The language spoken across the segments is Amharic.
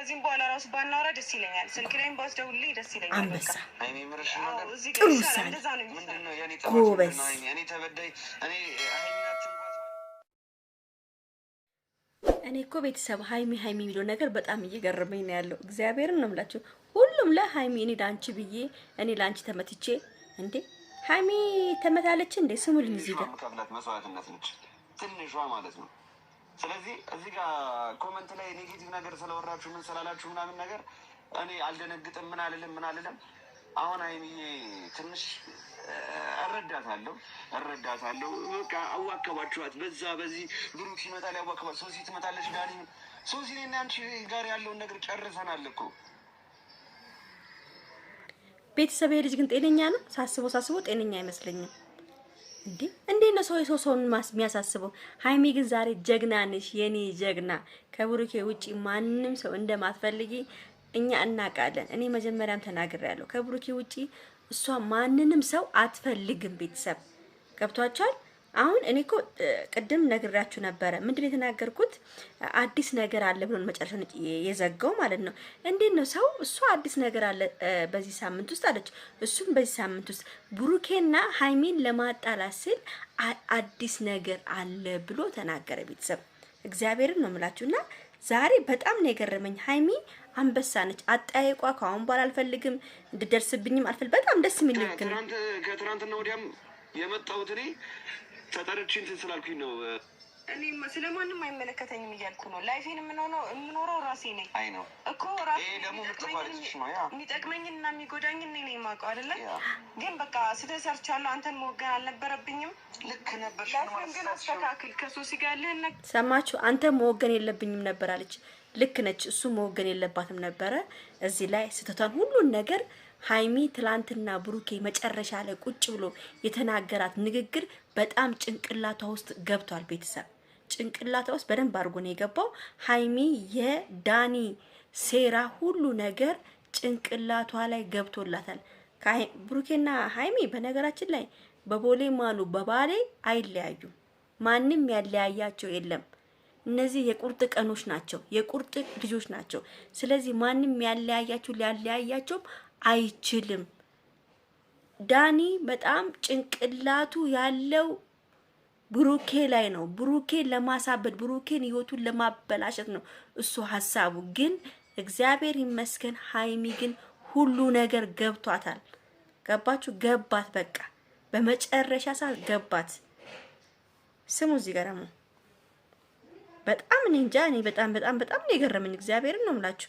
ከዚህም በኋላ ራሱ ባናወራ ደስ ይለኛል። ስልክ ላይም ባስደውልልኝ ደስ ይለኛል። አንበሳ ጥሩ ውሳኔ፣ ጎበዝ እኔ እኮ ቤተሰብ ሀይሚ ሀይሚ የሚለው ነገር በጣም እየገረመኝ ነው ያለው። እግዚአብሔርን ነው የምላቸው። ሁሉም ለሀይሚ እኔ ለአንቺ ብዬ እኔ ለአንቺ ተመትቼ እንዴ ሀይሚ ተመታለች እንዴ ስሙልኝ፣ እዚህ ጋር ትንሿ ማለት ነው ስለዚህ እዚህ ጋር ኮመንት ላይ ኔጌቲቭ ነገር ስለወራችሁ ምን ስላላችሁ ምናምን ነገር እኔ አልደነግጥም፣ ምን አልልም፣ ምን አልልም። አሁን አይምዬ ትንሽ እረዳታለሁ እረዳታለሁ። በቃ አዋከባችኋት። በዛ በዚህ ብሩክ ይመጣል ያዋከባ ሶሲ ትመጣለች። ዳኒ ሶሲ እኔና አንቺ ጋር ያለውን ነገር ጨርሰናል እኮ ቤተሰብ። ልጅ ግን ጤነኛ ነው። ሳስቦ ሳስበው ጤነኛ አይመስለኝም። እንዴ ነው ሰው የሰው ሰውን የሚያሳስበው? ሀይሚ ግን ዛሬ ጀግና ነሽ የኔ ጀግና። ከብሩኬ ውጪ ማንም ሰው እንደማትፈልጊ እኛ እናውቃለን። እኔ መጀመሪያም ተናግሬያለሁ። ከብሩኬ ውጪ እሷ ማንንም ሰው አትፈልግም። ቤተሰብ ገብቷቸዋል። አሁን እኔ እኮ ቅድም ነግራችሁ ነበረ። ምንድን ነው የተናገርኩት? አዲስ ነገር አለ ብሎ መጨረሻ የዘጋው ማለት ነው። እንዴት ነው ሰው እሱ አዲስ ነገር አለ በዚህ ሳምንት ውስጥ አለች። እሱም በዚህ ሳምንት ውስጥ ብሩኬና ሀይሚን ለማጣላት ሲል አዲስ ነገር አለ ብሎ ተናገረ። ቤተሰብ እግዚአብሔርን ነው የምላችሁና ዛሬ በጣም ነው የገረመኝ። ሀይሚ አንበሳ ነች። አጠያየቋ ከአሁን በኋላ አልፈልግም እንድደርስብኝም አልፈልግም። በጣም ደስ የሚል ንግግር ነው። ከትናንትና ወዲያም የመጣሁት እኔ ፈጣሪዎች እንትን ስላልኩኝ ነው። እኔ ስለማንም አይመለከተኝም እያልኩ ነው። ላይፌን የምንሆነው የምኖረው ራሴ ነኝ አይ ነው እኮ ራሴ ደግሞ የሚጎዳኝ እና የሚጎዳኝን እኔ የማውቀው አይደለም። ግን በቃ ስተሰርቻለሁ። አንተን መወገን አልነበረብኝም። ልክ ነበር። ላይፌን ግን አስተካክል። ከሶሲ ጋር ያለህን ሰማችሁ። አንተ መወገን የለብኝም ነበር አለች። ልክ ነች። እሱ መወገን የለባትም ነበረ። እዚህ ላይ ስተቷን ሁሉን ነገር ሀይሚ ትላንትና ብሩኬ መጨረሻ ላይ ቁጭ ብሎ የተናገራት ንግግር በጣም ጭንቅላቷ ውስጥ ገብቷል። ቤተሰብ ጭንቅላቷ ውስጥ በደንብ አድርጎ ነው የገባው። ሀይሚ የዳኒ ሴራ ሁሉ ነገር ጭንቅላቷ ላይ ገብቶላታል። ብሩኬና ሀይሚ በነገራችን ላይ በቦሌ ማሉ በባሌ አይለያዩም። ማንም ያለያያቸው የለም። እነዚህ የቁርጥ ቀኖች ናቸው፣ የቁርጥ ልጆች ናቸው። ስለዚህ ማንም ያለያያቸው ሊያለያያቸውም አይችልም። ዳኒ በጣም ጭንቅላቱ ያለው ብሩኬ ላይ ነው። ብሩኬን ለማሳበድ ብሩኬን ህይወቱን ለማበላሸት ነው እሱ ሀሳቡ። ግን እግዚአብሔር ይመስገን ሀይሚ ግን ሁሉ ነገር ገብቷታል። ገባችሁ? ገባት። በቃ በመጨረሻ ሰዓት ገባት። ስሙ እዚህ ጋር ደግሞ በጣም እኔ እንጃ እኔ በጣም በጣም በጣም ነው የገረመኝ። እግዚአብሔርን ነው የምላችሁ።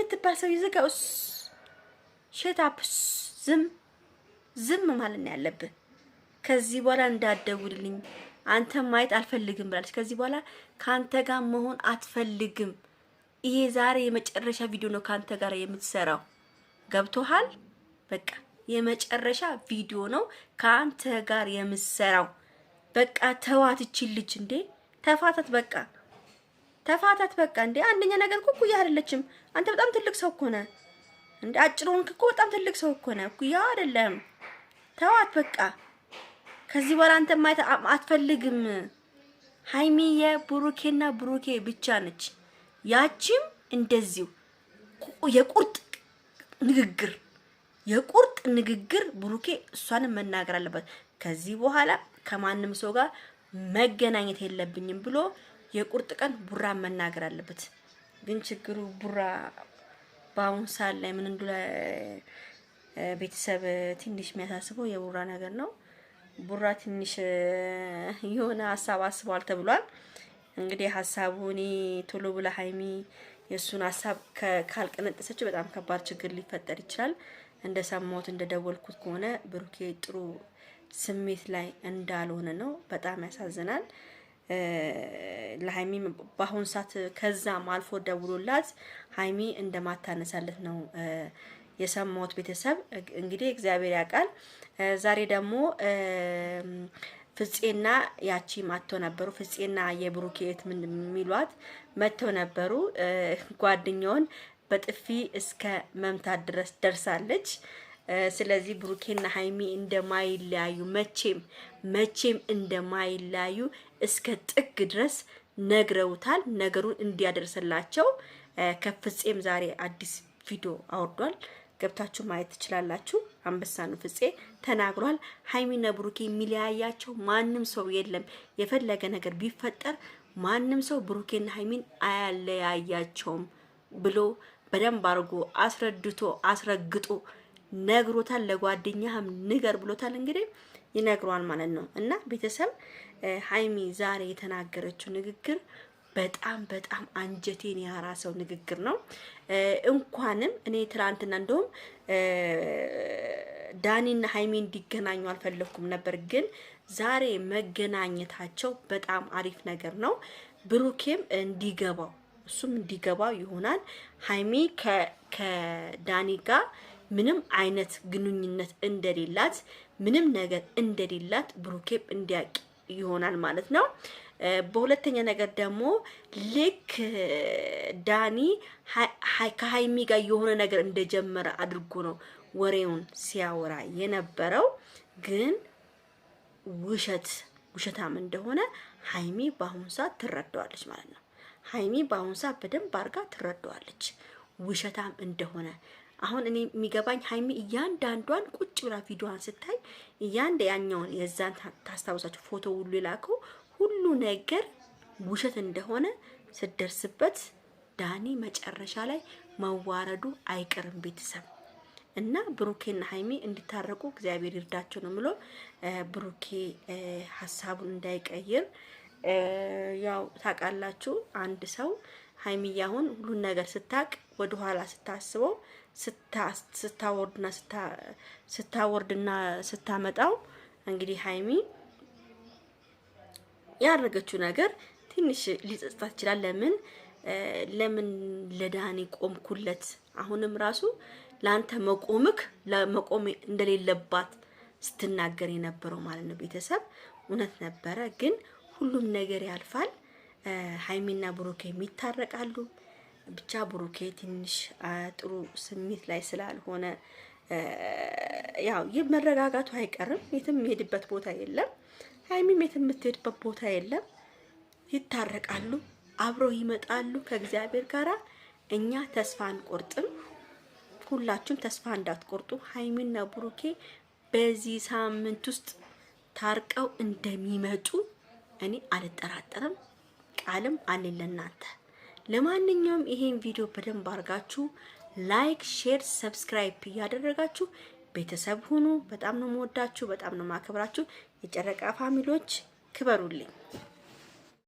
የምትባል ሰው ይዘጋው። ዝም ዝም ማለት ነው ያለብህ። ከዚህ በኋላ እንዳደውልልኝ አንተ ማየት አልፈልግም ብላለች። ከዚህ በኋላ ካንተ ጋር መሆን አትፈልግም። ይሄ ዛሬ የመጨረሻ ቪዲዮ ነው ካንተ ጋር የምትሰራው። ገብቶሃል? በቃ የመጨረሻ ቪዲዮ ነው ከአንተ ጋር የምትሰራው። በቃ ተዋትችን ልጅ እንዴ ተፋታት በቃ ተፋታት በቃ። እንዴ አንደኛ ነገር እኮ እኩያ አይደለችም። አንተ በጣም ትልቅ ሰው እኮ ነህ። እንዴ አጭሩን ሆንክ እኮ በጣም ትልቅ ሰው እኮ ነህ። እኩያ አይደለም። ተዋት በቃ። ከዚህ በኋላ አንተ ማየት አትፈልግም። ሀይሚ ብሩኬና ብሩኬ ብቻ ነች። ያቺም እንደዚሁ የቁርጥ ንግግር የቁርጥ ንግግር ብሩኬ እሷንም መናገር አለበት። ከዚህ በኋላ ከማንም ሰው ጋር መገናኘት የለብኝም ብሎ የቁርጥ ቀን ቡራ መናገር አለበት። ግን ችግሩ ቡራ በአሁን ሰዓት ላይ ምን እንዱ ቤተሰብ ትንሽ የሚያሳስበው የቡራ ነገር ነው። ቡራ ትንሽ የሆነ ሀሳብ አስቧል ተብሏል። እንግዲህ ሀሳቡ እኔ ቶሎ ብላ ሀይሚ የእሱን ሀሳብ ካልቀነጠሰችው በጣም ከባድ ችግር ሊፈጠር ይችላል። እንደ ሰማሁት እንደ ደወልኩት ከሆነ ብሩኬ ጥሩ ስሜት ላይ እንዳልሆነ ነው። በጣም ያሳዝናል። ለሀይሚ በአሁኑ ሰዓት ከዛም አልፎ ደውሎላት ሀይሚ እንደማታነሳለት ነው የሰማሁት። ቤተሰብ እንግዲህ እግዚአብሔር ያውቃል። ዛሬ ደግሞ ፍፄና ያቺ ማጥተው ነበሩ። ፍጼና የብሩኬት ምን የሚሏት መተው ነበሩ። ጓደኛውን በጥፊ እስከ መምታት ድረስ ደርሳለች። ስለዚህ ብሩኬና ሀይሚ እንደማይለያዩ መቼም መቼም እንደማይለያዩ እስከ ጥግ ድረስ ነግረውታል። ነገሩን እንዲያደርሰላቸው ከፍጼም ዛሬ አዲስ ቪዲዮ አውርዷል። ገብታችሁ ማየት ትችላላችሁ። ነው ፍጼ ተናግሯል። ሀይሚና ብሩኬ የሚለያያቸው ማንም ሰው የለም። የፈለገ ነገር ቢፈጠር ማንም ሰው ብሩኬና ሀይሚን አያለያያቸውም ብሎ በደንብ አድርጎ አስረድቶ አስረግጦ ነግሮታል። ለጓደኛህም ንገር ብሎታል እንግዲህ ይነግሯል ማለት ነው። እና ቤተሰብ ሀይሚ ዛሬ የተናገረችው ንግግር በጣም በጣም አንጀቴን ያራሰው ንግግር ነው። እንኳንም እኔ ትላንትና እንደውም ዳኒና ሀይሚ እንዲገናኙ አልፈለኩም ነበር፣ ግን ዛሬ መገናኘታቸው በጣም አሪፍ ነገር ነው። ብሩኬም እንዲገባው እሱም እንዲገባው ይሆናል ሀይሚ ከዳኒ ጋር ምንም አይነት ግንኙነት እንደሌላት ምንም ነገር እንደሌላት ብሩኬም እንዲያውቅ ይሆናል ማለት ነው። በሁለተኛ ነገር ደግሞ ልክ ዳኒ ከሀይሚ ጋር የሆነ ነገር እንደጀመረ አድርጎ ነው ወሬውን ሲያወራ የነበረው ግን ውሸት ውሸታም እንደሆነ ሀይሚ በአሁኑ ሰዓት ትረዳዋለች ማለት ነው። ሀይሚ በአሁኑ ሰዓት በደንብ አድርጋ ትረዳዋለች ውሸታም እንደሆነ አሁን እኔ የሚገባኝ ሀይሚ እያንዳንዷን ቁጭ ብላ ቪዲዮዋን ስታይ እያንድ ያኛውን የዛን ታስታውሳቸው ፎቶ ሁሉ የላከው ሁሉ ነገር ውሸት እንደሆነ ስደርስበት ዳኒ መጨረሻ ላይ መዋረዱ አይቀርም ቤተሰብ እና ብሩኬና ሀይሚ እንዲታረቁ እግዚአብሔር ይርዳቸው ነው ብሎ ብሩኬ ሀሳቡን እንዳይቀይር ያው ታውቃላችሁ፣ አንድ ሰው ሀይሚዬ አሁን ሁሉን ነገር ስታቅ ወደኋላ ስታስበው ስታወርድና ስታወርድና ስታመጣው እንግዲህ ሀይሚ ያደረገችው ነገር ትንሽ ሊጸጽታት ይችላል። ለምን ለምን ለዳኒ ቆምኩለት? አሁንም ራሱ ለአንተ መቆምክ ለመቆም እንደሌለባት ስትናገር የነበረው ማለት ነው። ቤተሰብ እውነት ነበረ፣ ግን ሁሉም ነገር ያልፋል። ሀይሚና ብሩኬ ይታረቃሉ። ብቻ ብሩኬ ትንሽ ጥሩ ስሜት ላይ ስላልሆነ ያው ይህ መረጋጋቱ አይቀርም። የትም የሄድበት ቦታ የለም። ሀይሚም የትም የምትሄድበት ቦታ የለም። ይታረቃሉ፣ አብረው ይመጣሉ ከእግዚአብሔር ጋራ። እኛ ተስፋ አንቆርጥም። ሁላችሁም ተስፋ እንዳትቆርጡ። ሀይሚና ብሩኬ በዚህ ሳምንት ውስጥ ታርቀው እንደሚመጡ እኔ አልጠራጠርም። ቃልም አለኝ ለእናንተ ለማንኛውም ይሄን ቪዲዮ በደንብ አድርጋችሁ ላይክ፣ ሼር፣ ሰብስክራይብ እያደረጋችሁ ቤተሰብ ሁኑ። በጣም ነው መወዳችሁ፣ በጣም ነው ማከብራችሁ። የጨረቃ ፋሚሊዎች ክበሩልኝ።